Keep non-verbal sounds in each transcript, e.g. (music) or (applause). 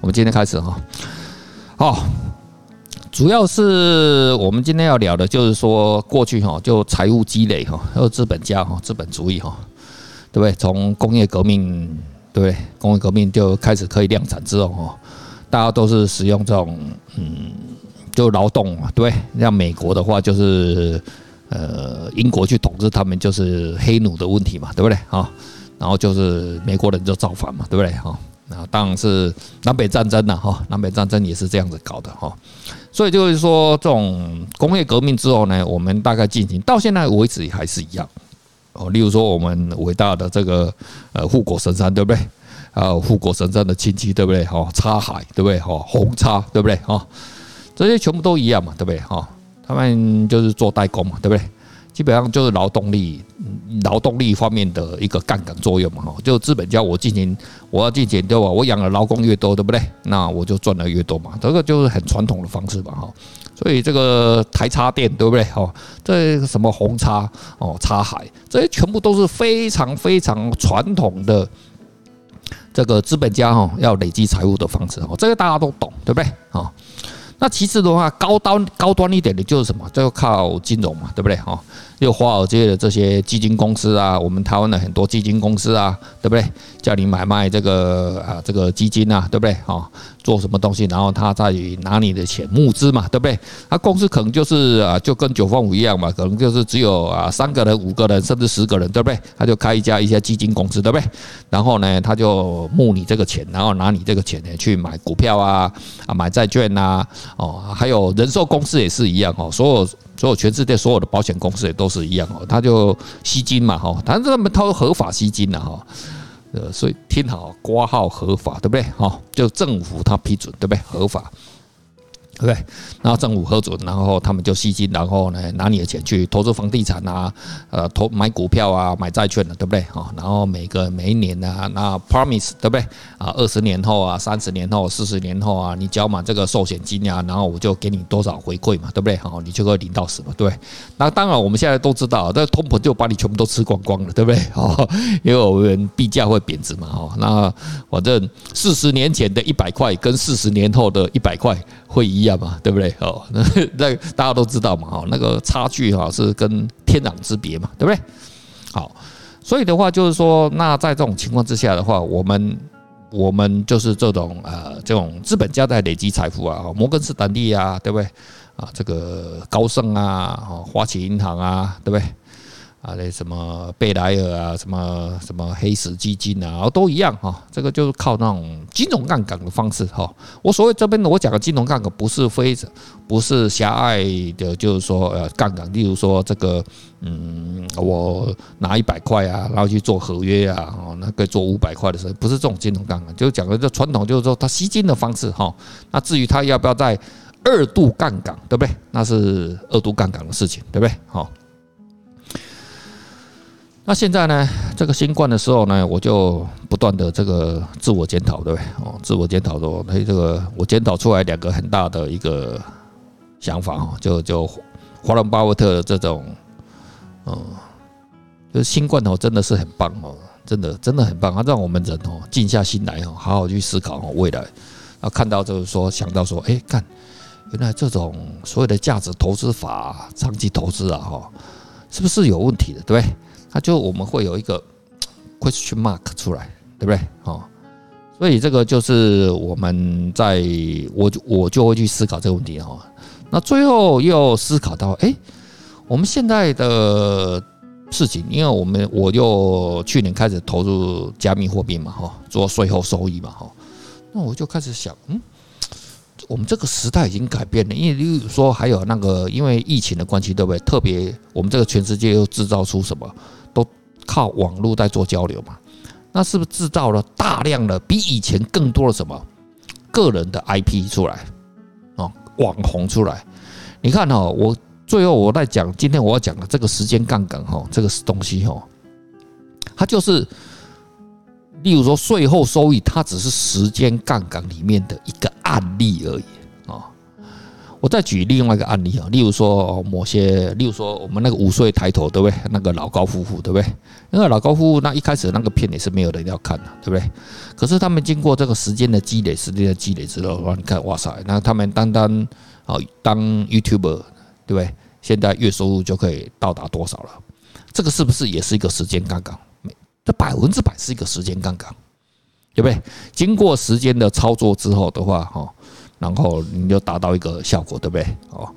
我們今天開始哈，好，主要是我們今天要聊的，就是說過去哈，就財務積累哈，資本家哈，資本主義哈，對不對？從工業革命，對不對？工業革命就開始可以量產之後哈，大家都是使用這種，嗯，就勞動嘛，對不對？像美國的話，就是呃，英國去統治他們就是黑奴的問題嘛，對不對？哈，然後就是美國人就造反嘛，對不對？哈。那當然是南北戰爭了哈，南北戰爭也是這樣子搞的哈，所以就是說這種工業革命之後呢，我們大概進行到現在為止還是一樣哦。例如說我們偉大的這個呃護國神山，對不對？啊，護國神山的親戚，對不對？哦，插海，對不對？哦，紅叉，對不對？哦，這些全部都一樣嘛，對不對？哦，他們就是做代工嘛，對不對？基本上就是勞動力，勞動力方面的一個槓桿作用嘛，哈，就資本家我進行，我要進行對吧，我養的勞工越多，對不對？那我就賺的越多嘛，這個就是很傳統的方式嘛，哈。所以這個台積電，對不對？哈，這什麼鴻海哦，鴻海，這些全部都是非常非常傳統的這個資本家哈，要累積財富的方式，哈，這個大家都懂，對不對？哈。那其次的話，高端高端一點的就是什麼？就要靠金融嘛，對不對啊？就華爾街的這些基金公司啊，我們台灣的很多基金公司啊，對不對？叫你買賣這個啊，這個基金啊，對不對？哦，做什麼東西？然後他再拿你的錢募資嘛，對不對？他公司可能就是啊，就跟久方武一樣嘛，可能就是只有啊三個人、五個人甚至十個人，對不對？他就開一家一些基金公司，對不對？然後呢，他就募你這個錢，然後拿你這個錢呢去買股票啊，啊買債券啊，哦，還有人壽公司也是一樣哦，所有。所有全世界所有的保險公司也都是一樣哦，他就吸金嘛哈，但是他們他是合法吸金的，哈，呃，所以聽好，掛號合法，對不對？哈，就政府他批准，對不對？合法。對不對？然後政府核准，然後他們就吸金，然後呢拿你的錢去投資房地產啊，呃，投買股票啊，買債券的、啊，對不對啊？然後每個每一年呢、啊，那 promise 對不對啊？二十年後啊，三十年後，四十年後啊，你交滿這個壽險金呀、啊，然後我就給你多少回饋嘛，對不對啊？你就會領到什麼？對不對？那當然我們現在都知道，那通膨就把你全部都吃光光了，對不對啊？因為我們幣價會貶值嘛，哈。那反正四十年前的一百塊跟四十年後的一百塊會一。嘛，對不對？哦，那那大家都知道嘛，哦，那個差距哈是跟天壤之別嘛，對不對？好，所以的話就是說，那在這種情況之下的話，我們我們就是這種啊，這種資本家在累積財富啊，摩根士丹利啊，對不對？啊，這個高盛啊，哦，花旗銀行啊，對不對？啊，那什麼貝萊爾啊，什麼什麼黑石基金啊，都一樣哈。這個就是靠那種金融槓桿的方式哈。我所謂這邊呢，我講的金融槓桿不是非子，不是狹隘的，就是說呃槓桿，例如說這個嗯，我拿一百塊啊，然後去做合約啊，那那個做五百塊的時候，不是這種金融槓桿，就講的這傳統就是說他吸金的方式哈。那至於他要不要再二度槓桿，對不對？那是二度槓桿的事情，對不對？哈。那現在呢？這個新冠的時候呢，我就不斷的這個自我檢討，對不對？哦，自我檢討哦。所以這個我檢討出來兩個很大的一個想法哦，就就華倫巴菲特的這種，嗯，就是新冠哦，真的是很棒哦，真的真的很棒，啊，讓我們人哦靜下心來哦，好好去思考哦未來，啊，看到就是說想到說，哎、欸，看原來這種所謂的價值投資法、長期投資啊，哈，是不是有問題的，對不對？那就我們會有一個 question mark 出來，對不對？哦，所以這個就是我們在，我我就，就會去思考這個問題哈。那最後又思考到，哎，我們現在的事情，因為我們我就去年開始投入加密貨幣嘛，哈，做稅後收益嘛，哈，那我就開始想，嗯，我們這個時代已經改變了，因為例如說還有那個，因為疫情的關係，對不對？特別我們這個全世界又製造出什麼？靠網絡在做交流嘛，那是不是製造了大量的比以前更多的什麼個人的 IP 出來啊？網紅出來，你看哈，我最後我在講今天我要講的這個時間槓桿哈，這個東西哈，它就是，例如說稅後收益，它只是時間槓桿裡面的一個案例而已。我再舉另外一個案例啊，例如說某些，例如說我們那個五歲抬頭，對不對？那個老高夫婦，對不對？那個老高夫婦那一開始那個片也是沒有人要看的啊，對不對？可是他們經過這個時間的積累，時間的積累之後的話，你看，哇塞，那他們單單啊當 YouTuber，對不對？現在月收入就可以到達多少了？這個是不是也是一個時間槓桿？這百分之百是一個時間槓桿，對不對？經過時間的操作之後的話，哈。然後你就達到一個效果，對不對？哦，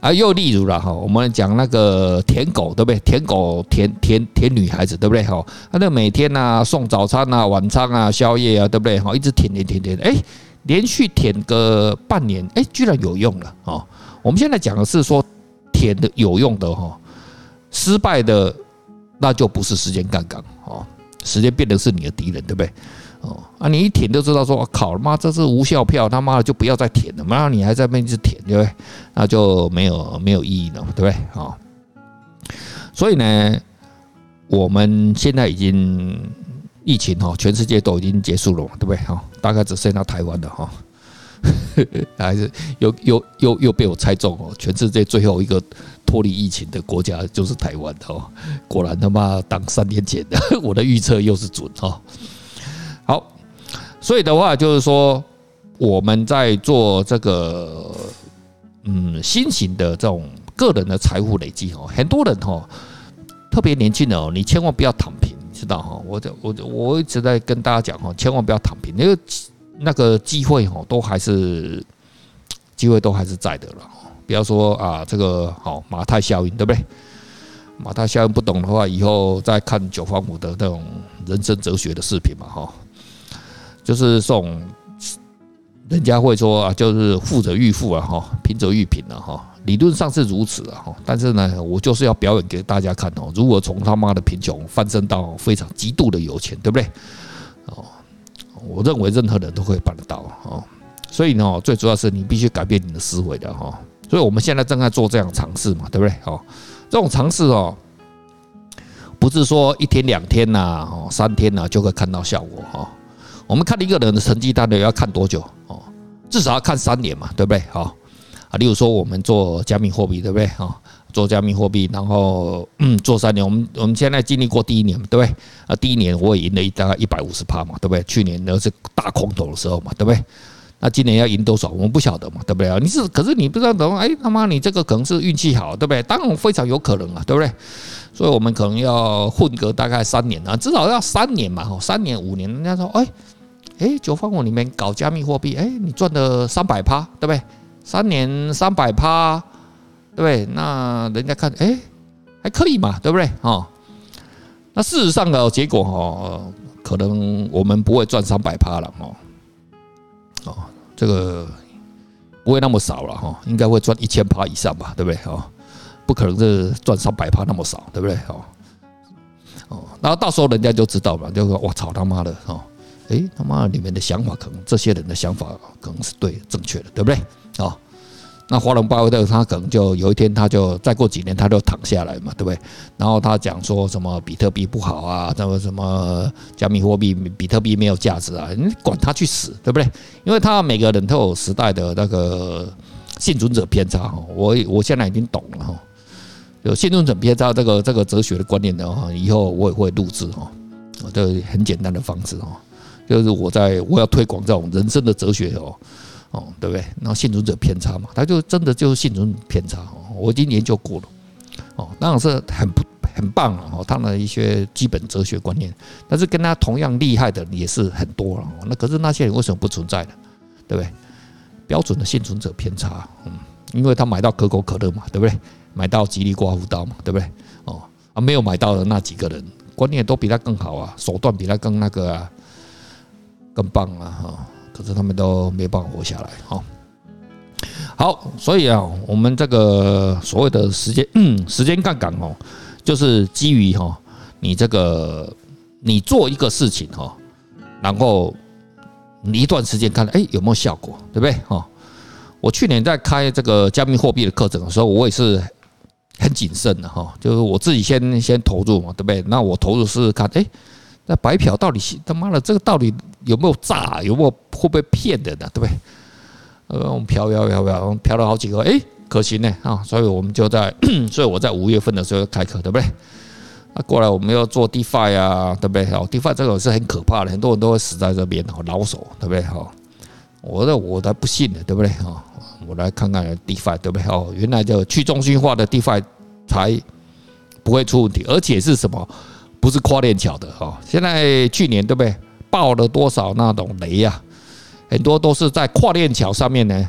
啊，又例如了哈，我們講那個舔狗，對不對？舔狗舔舔舔，舔女孩子，對不對？哈，他那每天吶、啊，送早餐啊、晚餐啊、宵夜啊，對不對？哈，一直舔舔舔舔，誒、欸，連續舔個半年，誒、欸，居然有用了哈，我們現在講的是說舔的有用的哈，失敗的那就不是時間槓桿哦，時間變得是你的敵人，對不對？哦，啊，你一填就知道說、啊，靠了媽，這是無效票，他媽的就不要再填了。媽，你還在那一直填，對不對？那就沒有沒有意義了，對不對？啊，所以呢，我們現在已經疫情哈，全世界都已經結束了，對不對？哈，大概只剩下台灣了哈，還是又又又又被我猜中哦，全世界最後一個脫離疫情的國家就是台灣哦，果然他媽當三年前的 (laughs) 我的預測又是準哦。好，所以的話就是說，我們在做這個嗯新型的這種個人的財富累積哦，很多人哦，特別年輕人哦，你千萬不要躺平，知道哈？我我我一直在跟大家講哈，千萬不要躺平，因為那個機會哦，都還是機會都還是在的了。比方說啊，這個好馬太效應，對不對？馬太效應不懂的話，以後再看久方武的那種人生哲學的視頻嘛，哈。就是送人家會說啊，就是富者愈富啊，哈，貧者愈貧啊。哈。理論上是如此啊，但是呢，我就是要表演給大家看哦。如果從他媽的貧窮翻身到非常極度的有錢，對不對？哦，我認為任何人都可以辦得到哦。所以呢，最主要是你必須改變你的思維的哈。所以我們現在正在做這樣嘗試嘛，對不對？哦，這種嘗試哦，不是說一天兩天吶，哦，三天吶、啊、就會看到效果哈。我們看一個人的成績單呢，要看多久哦？至少要看三年嘛，對不對？好啊，例如說我們做加密貨幣，對不對？好，做加密貨幣，然後嗯，做三年。我們我們現在經歷過第一年嘛，對不對？啊，第一年我也贏了一大概一百五十趴嘛，對不對？去年那是大空頭的時候嘛，對不對？那今年要贏多少？我們不曉得嘛，對不對？你是可是你不知道怎麼？哎，他媽你這個可能是運氣好，對不對？當然非常有可能啊，對不對？所以我們可能要混個大概三年啊，至少要三年嘛，哦，三年五年，人家說哎、欸。誒、欸，久方武裡面搞加密貨幣，誒、欸，你賺了三百趴，對不對？三年三百趴，對不對？那人家看，哎、欸，還可以嘛，對不對？哦，那事實上的結果哦，呃、可能我們不會賺三百趴了哦，哦，這個不會那麼少了哈、哦，應該會賺一千趴以上吧，對不對？哦，不可能是賺三百趴那麼少，對不對？哦，哦，然後到時候人家就知道了，就說我操他媽的，哦。哎、欸，他媽！裡面的想法可能這些人的想法可能是對正確的，對不對？哦，那華倫巴菲特這個他可能就有一天，他就再過幾年他就躺下來嘛，對不對？然後他講說什麼比特幣不好啊，那個什麼加密貨幣，比特幣沒有價值啊，你管他去死，對不對？因為他每個人都有時代的那個幸存者偏差。我我現在已經懂了哈，有幸存者偏差這個這個哲學的觀念的話，以後我也會錄制哦，這很簡單的方式哦。就是我在我要推廣這種人生的哲學哦，哦，對不對？那倖存者偏差嘛，他就真的就是倖存偏差、喔、我已經研究過了哦，當然是很很棒啊、喔。他的一些基本哲學觀念，但是跟他同樣厲害的也是很多了、喔。那可是那些人為什麼不存在呢？對不對？標準的倖存者偏差，嗯，因為他買到可口可樂嘛，對不對？買到吉利刮鬍刀嘛，對不對、喔？哦啊，沒有買到的那幾個人觀念都比他更好啊，手段比他更那個啊。更棒了哈，可是他們都沒辦法活下來哈。好，所以啊，我們這個所謂的時間，嗯，時間槓桿哦，就是基於哈，你這個你做一個事情哈，然後你一段時間看了，哎、欸，有沒有效果，對不對？哈，我去年在開這個加密貨幣的課程的時候，我也是很謹慎的哈，就是我自己先先投入嘛，對不對？那我投入試試看，哎、欸。那白嫖到底是他媽的，這個到底有沒有詐？有沒有會不會騙人的、啊？對不對？呃，我們飄飄飄飄，我們飄了好幾個，哎、欸，可行呢啊！所以我們就在，所以我在五月份的時候開課，對不對？那過來我們要做 DeFi 啊，對不對？好，DeFi 這種是很可怕的，很多人都會死在這邊好，老手，對不對？好，我這我才不信呢，對不對？好，我來看看 DeFi，對不對？哈，原來就去中心化的 DeFi 才不會出問題，而且是什麼？不是跨鏈橋的哈，現在去年對不對？爆了多少那種雷呀、啊？很多都是在跨鏈橋上面呢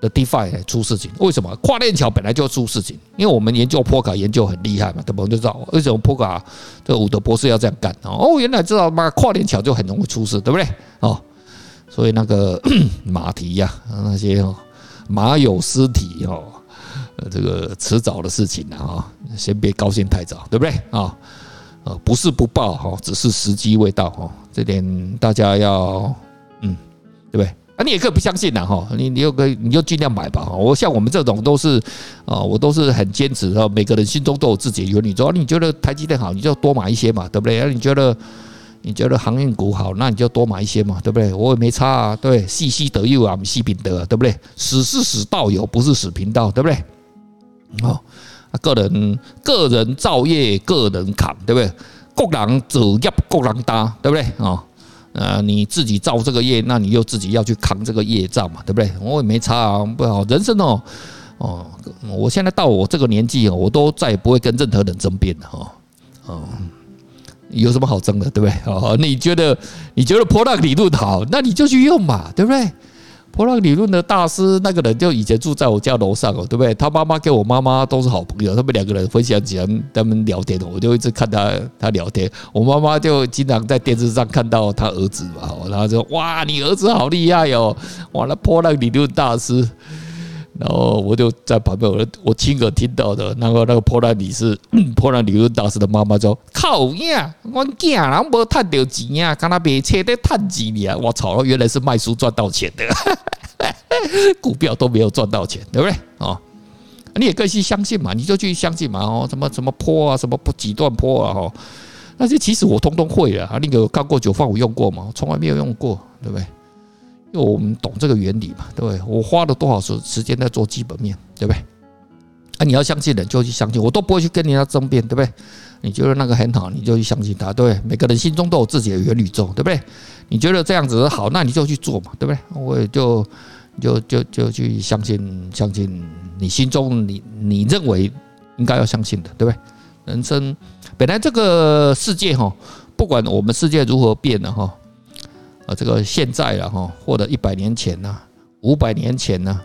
的 DeFi 出事情。為什麼跨鏈橋本來就要出事情？因為我們研究波卡研究很厲害嘛，對不？我們就知道為什麼波卡的伍德博士要這樣幹哦，哦，原來知道嗎？跨鏈橋就很容易出事，對不對？哦，所以那個 (coughs) 馬蹄呀、啊，那些馬有失蹄哦，這個遲早的事情啊，先別高興太早，對不對啊？呃，不是不報，哈，只是時機未到，哈，這點大家要，嗯，對不對？啊，你也可以不相信吶，哈，你你又可以，你就盡量買吧，我像我們這種都是，啊，我都是很堅持的。每個人心中都有自己的原理說，主要你覺得台積電好，你就多買一些嘛，對不對？而你覺得你覺得航運股好，那你就多買一些嘛，對不對？我也沒差，對，細心得用啊，我們細品得，對不對？死是死道友，不是死貧道，對不對？哦。個人個人造業，個人扛，對不對？各人走業，各人擔，對不對啊？呃，你自己造這個業，那你又自己要去扛這個業障嘛，對不對？我、哦、也沒差啊，不好，人生哦，哦，我現在到我這個年紀哦，我都再也不會跟任何人爭辯了，哦。哦，有什麼好爭的，對不對？哦，你覺得你覺得 product 理論好，那你就去用嘛，對不對？波浪理論的大師，那個人就以前住在我家樓上哦，對不對？他媽媽跟我媽媽都是好朋友，他們兩個人分享起來，他們聊天，我就一直看他他聊天。我媽媽就經常在電視上看到他兒子嘛，然後就：“哇，你兒子好厲害喲，哦，哇，那波浪理論大師。”然後我就在旁邊，我我親耳聽到的。然後那個波浪理是波浪理論大師的媽媽說：“靠呀，我竟然不賺到錢啊。看他別車的賺幾米啊！我操，原來是賣書賺到錢的， (laughs) 股票都沒有賺到錢，對不對？哦，你也可以去相信嘛，你就去相信嘛哦，什麼什麼坡啊，什麼幾段坡啊哈？那些其實我通通會啊，那個剛過九方，我用過嘛，從來沒有用過，對不對？”因為我們懂這個原理嘛，對不對？我花了多少時時間在做基本面，對不對？啊，你要相信人就去相信，我都不會去跟人家爭辯，對不對？你覺得那個很好，你就去相信他，對不對？每個人心中都有自己的元宇宙，對不對？你覺得這樣子好，那你就去做嘛，對不對？我也就，就就就就去相信，相信你心中你你認為應該要相信的，對不對？人生本來這個世界哈，不管我們世界如何變了哈。這個現在啊哈，或者一百年前吶、啊，五百年前吶、啊，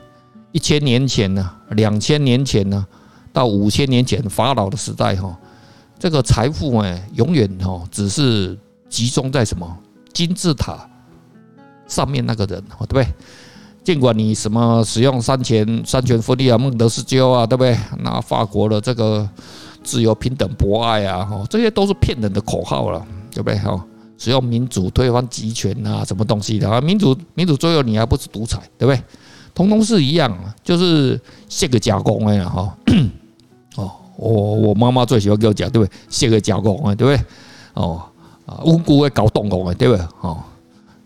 一千年前吶、啊，兩千年前吶、啊，到五千年前法老的時代哈、啊，這個財富哎、啊，永遠哈、啊，只是集中在什麼金字塔上面那個人，對不對？儘管你什麼使用三權三權分立啊，孟德斯鳩啊，對不對？那法國的這個自由、平等、博愛啊，哈，這些都是騙人的口號了，對不對哈？只要民主推翻集權啊，什麼東西的啊？民主民主最後你還不是獨裁，對不對？統統是一樣，就是卸個假公哎呀哈！哦，我我媽媽最喜歡給我講，對不對？卸個假公哎，對不對？哦，啊，文姑會搞動工。哎，對不對？哦，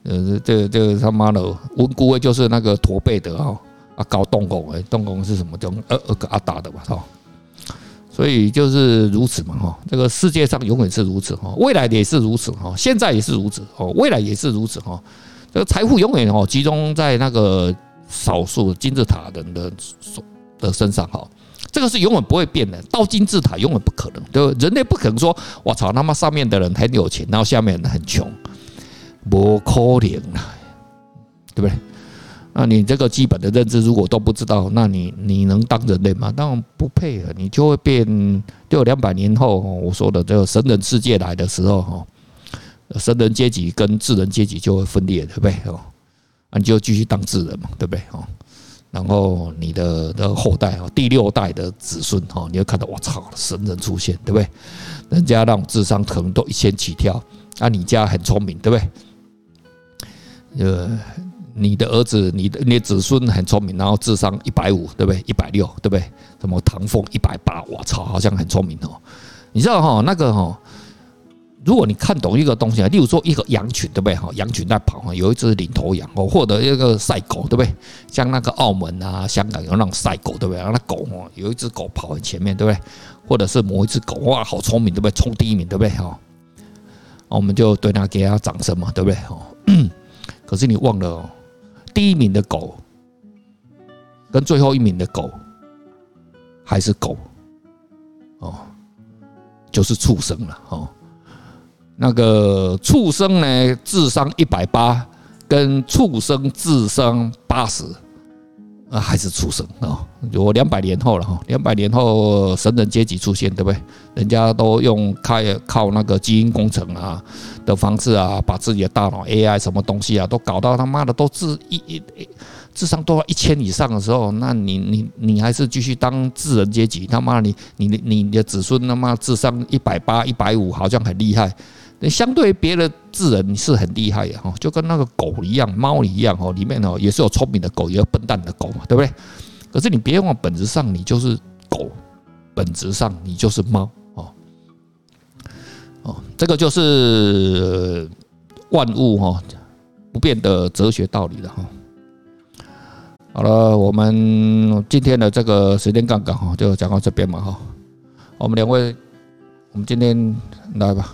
呃、這個，這這個、他媽的文姑會就是那個駝背的哈、啊，啊搞動工。哎，動工是什麼東？呃呃，阿、啊、打的嘛。哈、哦。所以就是如此嘛，哈，這個世界上永遠是如此哈，未來也是如此哈，現在也是如此哦，未來也是如此哈，這個財富永遠哦集中在那個少數金字塔人的身的身上哈，這個是永遠不會變的，倒金字塔永遠不可能，對不對？人類不可能說，我操，他媽上面的人很有錢，然後下面的人很窮，不可能，對不對？那你這個基本的認知如果都不知道，那你你能當人類嗎？當然不配合，你就會變。就兩百年後我說的這個神人世界來的時候哈，神人階級跟智人階級就會分裂，對不對？哦，你就繼續當智人嘛，對不對？哦，然後你的的後代啊，第六代的子孫哈，你會看到我操，神人出現，對不對？人家那種智商可能都一千起跳，那、啊、你家很聰明，對不對？呃。你的兒子，你的你的子孫很聰明，然後智商一百五，對不對？一百六，對不對？什麼唐鳳一百八，我操，好像很聰明哦。你知道哈、哦，那個哈、哦，如果你看懂一個東西啊，例如說一個羊群，對不對？哈，羊群在跑，有一隻領頭羊哦，或者一個賽狗，對不對？像那個澳門啊、香港有那種賽狗，對不對？那狗哦，有一隻狗跑在前面，對不對？或者是某一隻狗哇，好聰明，對不對？衝第一名，對不對？哈、哦，我們就對它給它掌聲嘛，對不對？哈，可是你忘了。哦。第一名的狗，跟最後一名的狗，還是狗，哦，就是畜生了哦。那個畜生呢，智商一百八，跟畜生智商八十，啊，還是畜生啊！有兩百年後了哈，兩百年後神人階級出現，對不對？人家都用靠靠那個基因工程啊的方式啊，把自己的大腦 AI 什麼東西啊，都搞到他媽的都智一一智商都到一千以上的時候，那你你你還是繼續當智人階級？他媽你，你你的你的子孫他媽智商一百八一百五，好像很厲害。相對於別的智人是很厲害的哈，就跟那個狗一樣，貓一樣哈，裡面哦也是有聰明的狗，也有笨蛋的狗嘛，對不對？可是你別忘了本質上，你就是狗，本質上你就是貓哦，這個就是萬物哈不變的哲學道理了哈。好了，我們今天的這個時間槓桿哈，就講到這邊嘛哈。我們兩位，我們今天來吧。